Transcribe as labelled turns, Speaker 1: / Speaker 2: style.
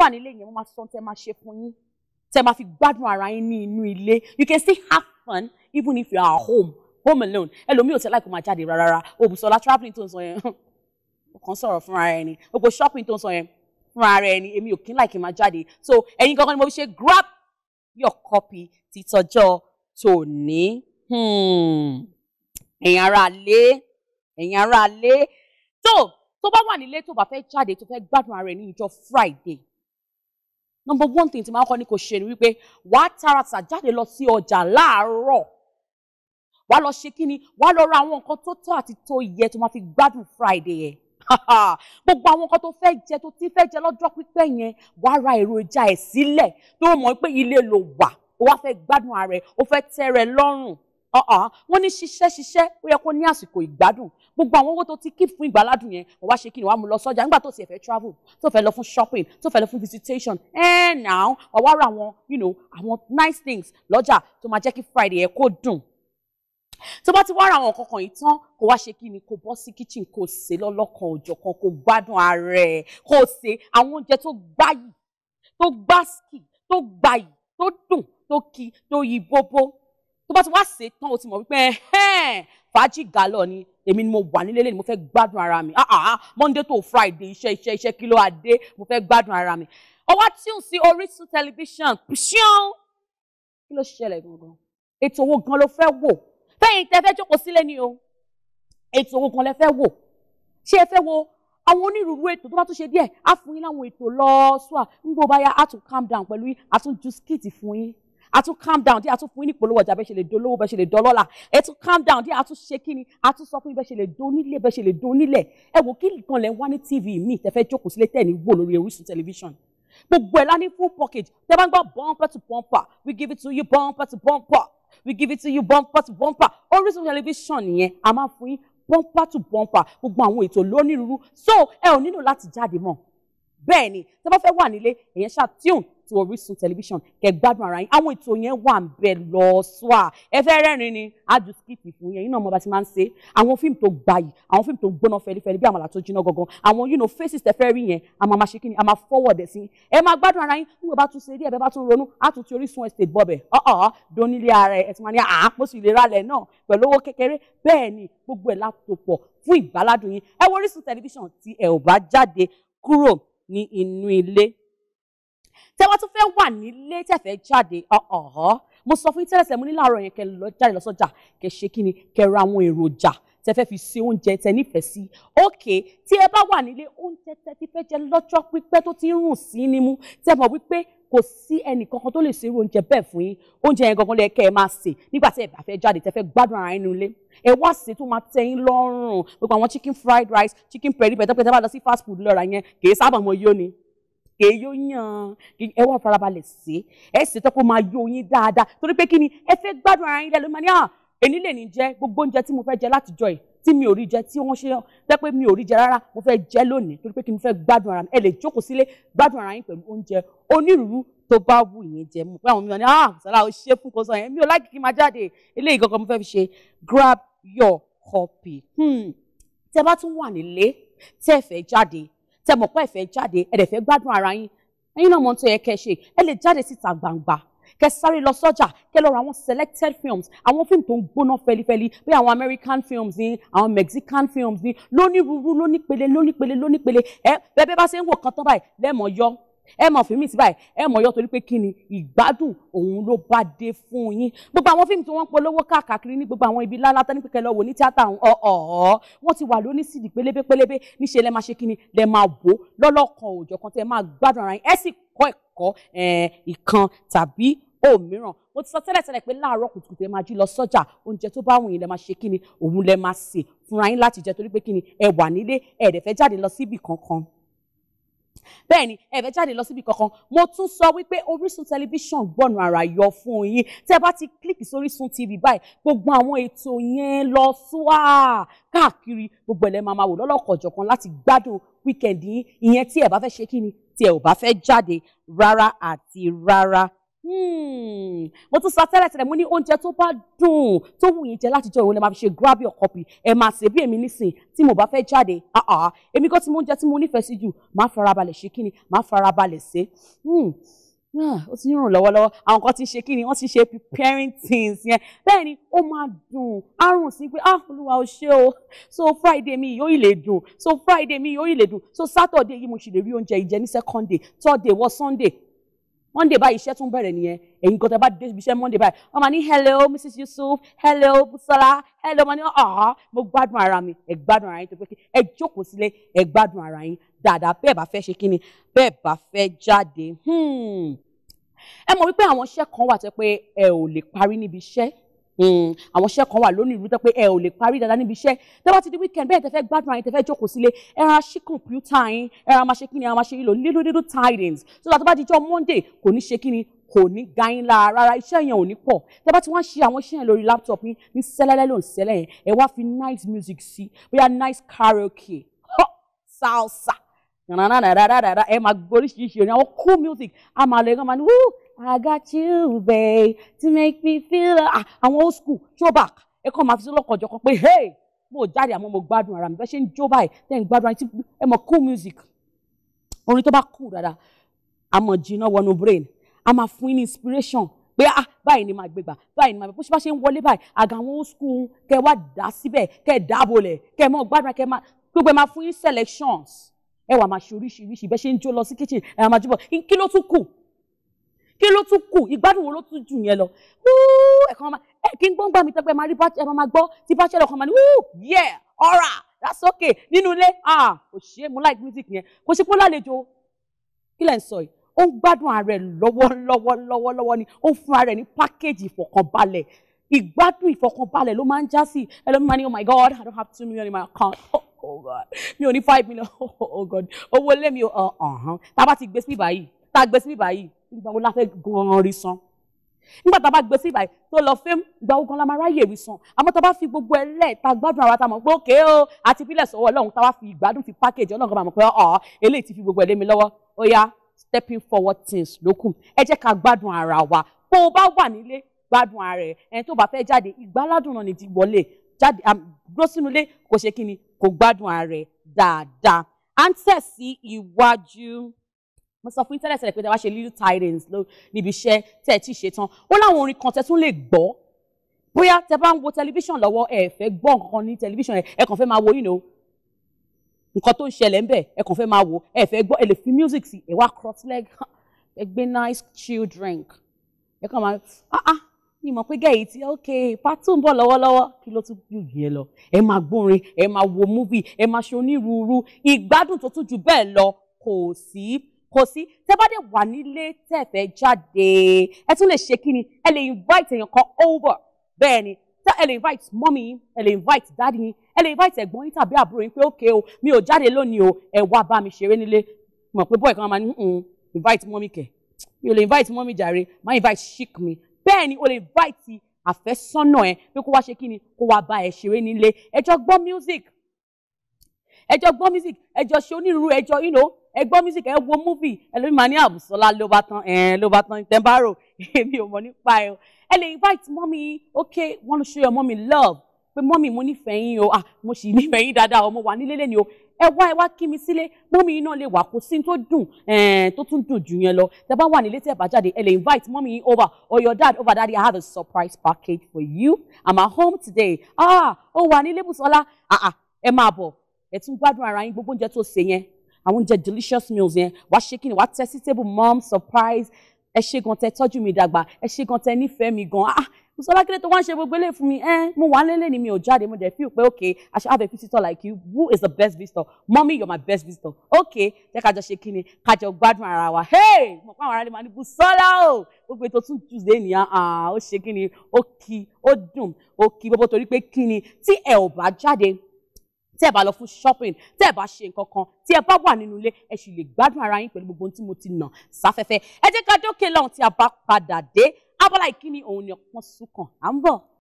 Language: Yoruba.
Speaker 1: wà nílé yẹn wọ́n máa sọ tẹ́ máa ṣe fún yín tẹ́ máa fi gbádùn ara yín ní inú ilé you can still have fun even if you are home home alone ẹlòmíì ò tẹ́ láì kó máa jáde rárá Òbùsọ́lá travelling tó ń sọ yẹn kàn sọ̀rọ̀ fúnra rẹ̀ ni gbogbo shopping tó ń sọ yẹn fúnra rẹ̀ ni èmi ò kí ń láì kí n máa jáde so ẹ̀yin gangan ni mo fi ṣe grab your copy ti tọjọ́ tòní hmm. ẹ̀yin ará lé ẹ̀yin ará lé tó tó bá wà nílé tó bá fẹ́ jáde tó fẹ́ gbádùn ara rẹ̀ ní ìjọ Friday number one thing tí máa ń kọ́ ni kò ṣe ni wípé wàá tààràtà jáde lọ sí ọjà láàárọ̀ wàá lọ ṣe kí ni wàá lọ ra àwọn nǹkan tó tọ́ àti tó yẹ tó máa fi gbádùn friday yẹn gbogbo àwọn nǹkan to fẹ́ jẹ tó ti fẹ́ jẹ lọ́jọ́ pípẹ́ yẹn wàá ra èròjà ẹ̀ sílẹ̀ tó mọ̀ pé ilé ló wà ó wá fẹ́ gbádùn ara ẹ̀ ó fẹ́ tẹ́ rẹ̀ wọ́n ní ṣiṣẹ́ ṣiṣẹ́ ó yẹ kó ní àsìkò ìgbádùn gbogbo àwọn owó tó ti keep fún ìgbàládùn yẹn wọ́n wá ṣe kí ni wàá mú lọ sọ́jà nígbà tó tiẹ̀ fẹ́ travel tó fẹ́ lọ fún shopping tó fẹ́ lọ fún visitation ẹ̀ now wọ́n wá ra àwọn you know àwọn nice things lọ́jà tó máa jẹ́ kí Friday yẹn kó dùn tó bá ti wá ra àwọn nǹkan kan yìí tán kó wá ṣe kí ni kó bọ́ sí kitchen kó sè lọ́lọ́kan òjọ̀kan kó gbádùn ara ẹ̀ kó sè àwọn oúnjẹ tó gbáyì tó gbásìkì tó gbàyì tó dùn tó ki tó yí bóbó tó bá ti wá ṣe tán o ti mọ̀ wípé fàájì gàlọ́ ni èmi ni mo wà nílé lẹ́nu mo fẹ́ gbádùn ara mi ah, ah ah monday to friday iṣẹ́ iṣẹ́ iṣẹ́ kí ló wá dé mo fẹ́ gbádùn ara mi ọwọ́ tún sí orísun tẹlifíṣàn ṣíọ́n kí ló ṣẹlẹ̀ gangan ètò owó gan ló fẹ́ wò fẹ́yìn tẹ́ fẹ́ jókòó sílé ni o ètò owó gan lẹ fẹ́ wò ṣé ẹ fẹ́ wo àwọn onírúurú ètò tó bá tún ṣe díẹ̀ á fún yín láwọn ètò lọ́ọ́ sùà ń gbọ́ báyà á tún calm down pẹ̀lú yín á tún ju skit fún yín a tún calm down díẹ̀ a tún fún yín ní polówó ọjà bẹ́ẹ̀ ṣe lè dolówó bẹ́ẹ̀ ṣe lè dọlọ́là ẹ tún calm down díẹ̀ a tún ṣe kíni a tún sọ fún yín bẹ́ẹ̀ ṣe lè donílé bẹ́ẹ̀ ṣe lè donílẹ̀ ẹ wò kí nǹkan lẹ̀ ń wá ní tv mi tẹ́fẹ́ jókòó sílé tẹ̀ ní wò lórí Orísun tẹlifíṣàn gbogbo ẹ̀ lání full package tẹ́ bá ń gbọ́ bumper to bumper we give it to you bumper to bumper we give it to you bumper to bumper Orísun tẹlifíṣàn nìyẹn a máa fún yín bumper to bumper gbogbo àwọn ètò lónírúurú so ẹ ò nílò láti jáde mọ́ bẹ́ẹ̀ ni tó bá fẹ́ wà nílé èyàn ṣáà tune to Orísun tẹlifíṣàn kẹ́ gbádùn ara yín àwọn ètò yẹn wà ń bẹ lọ sọ́à ẹ fẹ́ rẹ́rìn ni àjù skip fún yẹn yín náà mo bá ti máa ń ṣe àwọn fíìmù tó gbayì àwọn fíìmù tó gbóná fẹlifẹli bí àmàlà tó jiná gangan àwọn you know faces tẹ fẹ́ rí yẹn a máa ma ṣe kíni a máa forward ẹ̀ sí ẹ máa gbádùn ara yín nígbà bá tún ṣe díẹ̀ bẹ́ẹ̀ bá tún ronú á tún ti Orísun estate bọ̀bẹ̀ ọ̀ọ́ donílé ara ẹ̀ tí wọ́n ní àápò sì lè ralẹ̀ náà pẹ̀lú owó kékeré bẹ́ẹ̀ ni gbogbo ẹ̀ látòpọ̀ fún ìgbáládùn yín ẹ wo kúrò ní inú ilé tẹ́ wá tún fẹ́ wà nílé tẹ́ fẹ́ jáde ọ̀hún mo sọ fún yín tẹ́lẹ̀sẹ̀ mo ní láàárọ̀ yẹn kẹ́ lọ jáde lọ sọ́jà kẹ́ ṣe kí ni kẹ́ ra àwọn èròjà tẹ́ fẹ́ fi ṣe oúnjẹ tẹ́ nífẹ̀ẹ́ sí òkè tí ẹ bá wà nílé oúnjẹ tẹ́ ti fẹ́ jẹ lọ́jọ́ pípẹ́ tó ti ń rùn sí nímú tẹ́ mọ̀ wípé kò sí ẹnìkankan tó lè ṣe irú oúnjẹ bẹ́ẹ̀ fún yín oúnjẹ yẹn gangan lè kẹ́ ẹ máa sè nígbà tí ẹ bá fẹ́ jáde tẹ́ fẹ́ gbádùn ara yín nílé ẹ wá sè tó máa tẹ́ yín lọ́rùn gbogbo àwọn chicken fried rice chicken peri pẹ̀tẹ́ pẹ̀tẹ́ bá lọ sí fast food lọ́ra yẹn kì í sábà mọ yó ni kì í yó yàn ẹ wá farabalẹ̀ sè é ẹ sè tó kó máa yó yín dáadáa torí pé kí ni ẹ fẹ́ gbádùn ara yín lẹ́nu tí mi ò rí jẹ tí wọ́n ṣe jẹ́ pé mi ò rí jẹ rárá mo fẹ́ jẹ lónìí torí pé kí n fẹ́ gbádùn ara mi ẹ lè jókòó sílé gbádùn ara yín pẹ̀lú oúnjẹ onírúurú tó bá wù yín jẹ mo pé àwọn mìíràn ní ah sọlá o ṣe fún kò sọ yẹn mi ò láì kí n máa jáde eléyìí gangan mo fẹ́ fi ṣe grab your copy hmm. tẹ bá tún wà nílé tẹ fẹ́ jáde tẹ mọ̀ pé ẹ fẹ́ jáde ẹ dẹ̀ fẹ́ gbádùn ara yín ẹ̀yin náà mọ̀ tó yẹ kẹ́ ṣe ẹ lè jáde síta gbangba kẹ sáré lọ sọ́jà kẹ lọ ra àwọn selected films àwọn fíìmù tó ń gbóná fẹlifẹli bí àwọn American films ni àwọn Mexican films ni lónírúurú lónípele lónípele lónípele ẹ bẹ́ẹ̀ bá ṣe ń wò kan tán báyìí lẹ́ẹ̀mọ̀ yọ ẹ mọ̀ fíìmù sí báyìí ẹ mọ̀ yọ torí pé kí ni ìgbádùn òun ló bá dé fún yín gbogbo àwọn fíìmù tí wọ́n ń polówó káàkiri ní gbogbo àwọn ibi lálátá ní pẹ̀kẹ́ lọ wò ní tíátà ọ̀ọ́ wọ́n ti wà lóní sídì pélébé pélébé níṣẹ́ lẹ́ máa ṣe kí ni lẹ́ máa wò lọ́lọ́kan òòjọ́ kan tẹ́ máa gbádùn ara yín ẹ sì kọ́ ẹ̀kọ́ ìkan tàbí òmíràn mo ti sọ tẹ́lẹ̀tẹ́lẹ̀ pé láàárọ̀ kùtùkùtù ẹ máa jí lọ sọ́jà oúnjẹ tó bá wùn yín lẹ máa ṣe kíni òun lẹ máa sè fúnra yín láti jẹ torí pé kíni ẹ wà nílé ẹ dẹ̀ fẹ́ jáde lọ síbì kankan bẹ́ẹ̀ ni ẹ fẹ́ jáde lọ síbi kankan mo tún sọ wípé Orísun tẹlifíṣàn gbọ́nù àrà yọ fún yín tẹ́ bá ti kílìkì sí Orísun TV báyìí gbogbo àwọn ètò yẹn lọ sùá káàkiri gbogbo ẹ̀lẹ́ máa ma wò lọ́lọ́kọ̀ọ̀jọ̀kan láti gbádùn wíkẹ̀ndì yín ìyẹn tí ẹ bá fẹ́ ṣe kí ni tí ẹ ò bá fẹ́ jáde rárá àti rárá Hmm. mo tún sọ tẹ́lẹ̀ tẹ́lẹ̀ mo ní oúnjẹ tó bá dùn tó wù yín jẹ látijọ́ ìwọ lè máa fi ṣe grab your copy ẹ máa ṣe bí èmi nísìn tí mo bá fẹ́ jáde èmi kọ́ tí mo oúnjẹ tí mo nífẹ̀ẹ́ sí jù máa farabalẹ̀ ṣe kí ni máa farabalẹ̀ ṣe hmm. ah, ó ti ń rùn lọ́wọ́lọ́wọ́ àwọn kan ti ṣe kí ni wọ́n ti ṣe preparing things yẹn bẹ́ẹ̀ ni ó máa dùn á rùn sí pé ah olúwa ò ṣe o so friday mi yóò lè dùn so friday mi yóò lè dùn so saturday yìí mo sì lè rí oúnjẹ ìjẹ ní second day third day wọ sunday monday báyìí iṣẹ́ tún bẹ̀rẹ̀ nìyẹn ẹ̀yin kan tẹ́ bá dé ibi iṣẹ́ monday báyìí wọ́n máa ní hello mrs yusuf hello busola hello mo ní ọ̀hán mo gbádùn ara mi ẹ gbádùn ara yín tó pé kí ẹ jókòó sílé ẹ gbádùn ara yín dáadáa bẹ́ẹ̀ bá fẹ́ ṣe kí ni bẹ́ẹ̀ bá fẹ́ jáde hmm. ẹ mọ̀ wípé àwọn iṣẹ́ kan wà tó pé ẹ ò lè parí níbi iṣẹ́ Hmm, àwọn iṣẹ́ kan wà lónìí ìlú tó pé ẹ ò lè parí dáadáa níbi iṣẹ́ tẹ́ bá ti di weekend bẹ́ẹ̀ tẹ́ fẹ́ gbádùn ayé tẹ́ fẹ́ jókòó sílé ẹ ra ṣí kọ̀ǹpútà yín ẹ ra máa ṣe kíni ẹ máa ṣe ìlò little little tidings so that tó bá di jọ́ Monday kò ní ṣe kíni kò ní ga yín lára rárá iṣẹ́ yẹn ò ní pọ̀ tẹ́ bá ti wá ṣe àwọn iṣẹ́ yẹn lórí laptop yín ní sẹ́lẹ́lẹ́ ló ń sẹ́lẹ̀ yẹn ẹ wá fi nice music sí bóyá nice karaoke salsa ẹ máa gbóríṣiríṣi orin àwọn cool music a máa lọ ẹgbẹ́ máa ní wúú I got you babe to make me feel àwọn old school throwback ẹ kàn máa fi sí lọ́kọ̀ọ́jọ́ kan pé hey mo jáde àmọ́ mo gbádùn ara mi bẹ́ẹ̀ ṣe ń jó báyìí tẹ́ gbádùn ara mi ẹ mọ̀ cool music orin tó bá cool dáadáa a mọ̀ jiná wọnú brain a máa fún yín ní inspiration pé ah báyìí ni màá gbé gbà báyìí ni màá gbé bó ṣe bá ṣe ń wọlé báyìí àga àwọn old school kẹ wá dá síbẹ̀ kẹ dáàbò lẹ̀ kẹ mọ̀ gbádùn kẹ máa gbogbo ẹ máa fún yín selections ẹ wà máa ṣe oríṣiríṣi bẹ́ẹ̀ ṣe ń jó lọ sí kitchen ẹ máa jùbọ̀ kí ló tún kù kí ló tún kù ìgbádùn wo ló tún jù yẹn lọ wúú ẹ̀kan máa ẹ kí n gbọ́n gbà tẹ́pẹ́ máa rí ẹ máa gbọ́ tí bá ṣẹlẹ̀ máa ní wúú yẹ ọ̀rà that's okay nínú ilé ah kò ṣe é mo like music yẹn kò ṣe pé ó lálejò kí lẹ́ ń sọ yìí ó ń gbádùn ààrẹ lọ́wọ́lọ́wọ́ lọ́wọ́lọ́wọ́ ni ó ń fún ààrẹ ní pákéjì ìfọ̀kànbalẹ̀ ìgbádùn ìfọ̀kànbalẹ̀ ló máa ń já sí ẹlòmíràn ní oh my god i don't have two million in my account oh oh god mi ò ní five million oh god owó lé mi ọ̀hán uh, uh-huh. tá a bá ti gbé sí báyìí tá a gbé sí báyìí ìgbà wo la fẹ́ gan-an rí san nígbà tá a bá gbé sí báyìí tó lọ fẹ́ gba ogun la máa ráyè rí san àmọ́ tá a bá fi gbogbo ẹ lẹ̀ tá a gbádùn ara tá a mọ̀ pé òkè o àti ìpínlẹ̀ sọ̀wọ́ ọlọ́run tá a bá fi ìgbádùn fi pákéjì ọlọ́run kan máa mọ̀ pé ọ̀ oh, eléyìí ti fi gbogbo ẹ lé mi lọ́wọ́ ó yá stepping forward things ló kù ẹ jẹ́ ká gbádùn ara wa bó o bá wà nílé gbádùn ara ẹ ẹni tó bá fẹ́ jáde ìgbáládùn náà ni ti wọlé jáde um, dúró sínú ilé kò ṣe kí ni kó gbádùn ààrẹ dáadáa à ń tẹ̀ sí iwájú mo sọ fún tẹ́lẹ̀ tẹ́lẹ̀ pé tẹ́ wá ṣe little tidings níbi iṣẹ́ tẹ́ ẹ ti ṣe tán ó láwọn orin kan tẹ́ tún lè gbọ́ bóyá tẹ́ bá ń wo tẹlifíṣàn lọ́wọ́ ẹ fẹ́ gbọ́ nǹkan ní tẹlifíṣàn ẹ ẹ kàn fẹ́ máa wo yìí nà nǹkan tó ń ṣẹlẹ̀ ń bẹ̀ ẹ kàn fẹ́ máa wo ẹ fẹ́ gbọ́ ẹ fi music sí ẹ wá cross leg ẹ gbé nice chill drink ẹ kàn máa ah ah ní mọ̀ pé gẹ̀yì tí ok pátó ń bọ̀ lọ́wọ́lọ́wọ́ kí ló tún yù yẹn lọ ẹ máa gbórin ẹ máa wo múvì ẹ máa ṣe onírúurú ìgbádùn tó tún jù bẹ́ẹ̀ lọ kò sí kò sí tẹ wà nílé tẹ jáde ẹ tún lè ṣe kí ni ẹ lè invite èèyàn kan over bẹ́ẹ̀ ni tẹ ẹ lè invite mọ́mì yín ẹ lè invite dáàdì yín ẹ lè invite ẹ̀gbọ́n yín tàbí àbúrò yín pé ok o mi ò jáde lónìí o ẹ wá bá mi ṣeré nílé mọ̀ pé bọ́ọ̀ kan máa ní invite mọ́mì kẹ̀ mi ò lè invite mọ́mì jàre má invite chic mi bẹ́ẹ̀ ni o lè invite àfẹ́sọ́nà ẹ pé kó wá ṣe kí ni kó wá bá ẹ ṣeré nílé ẹjọ́ gbọ́ music ẹjọ́ gbọ́ music ẹjọ́ ṣe onírúurú ẹjọ́ you know ẹ gbọ́ music ẹ wo movie ẹlòmíì máa ní àbùsọ́lá ah, ló bá tán ẹ̀ ló bá tán tẹ́ḿbàrò èmi ò mọ̀ nípa ẹ o ẹ lè invite mọ́mí ok wọ́n lọ show your mọ́mí love pé mọ́mí mo nífẹ̀ẹ́ yín o ah mo sì nífẹ̀ẹ́ yín dáadáa o wà nílé lẹ́ni o ẹ wá ẹ wá kí mi sílé mọ́mí iná lè wà kó sí tó dùn eh, tó tún dùn jù yẹn lọ tẹ bá wà nílé tẹ bá ẹ lè invite mọ́mí yín over or oh, your dad over daddy i have a surprise package for you i'm at home today ah ó wà ní lébùsọ́lá ah ah ẹ máa bọ̀ ẹ tún gbádùn ara yín gbogbo oúnjẹ tó ṣe yẹn àwọn oúnjẹ delicious meals yẹn wàá ṣe kí ni wàá tẹ sí table mom surprise ẹ ṣé gan tẹ tọ́jú mi dàgbà ẹ ṣé gan tẹ nífẹ̀ẹ́ mi gan ah Busola kí ló tó wá ń ṣe gbogbo eléyìí fún mi ẹ mo wà lélẹ̀ ni mi ò jáde mo dẹ̀ fi pé okay I should have a visitor like you who is the best visitor mommy you're my best visitor okay jẹ́ ká jọ ṣe kíni ká jọ gbádùn ara wa hey mo pa àwọn ará lè máa ní Busola o gbogbo ètò tún Tuesday nìyà ó ṣe kíni ó kí ó dùn ó kí gbogbo torí pé kíni tí ẹ ò bá jáde tí ẹ bá lọ fún shopping tí ẹ bá ṣe nǹkan kan tí ẹ bá wà nínú ilé ẹ sì lè gbádùn ara yín pẹ̀lú gbogbo ohun tí mo ti nà sáfẹ́fẹ́ ẹ jẹ́ ká dókè lọ́hùn tí a bá padà dé abala ìkíni òun ni ọpọ́n sún à ń bọ̀.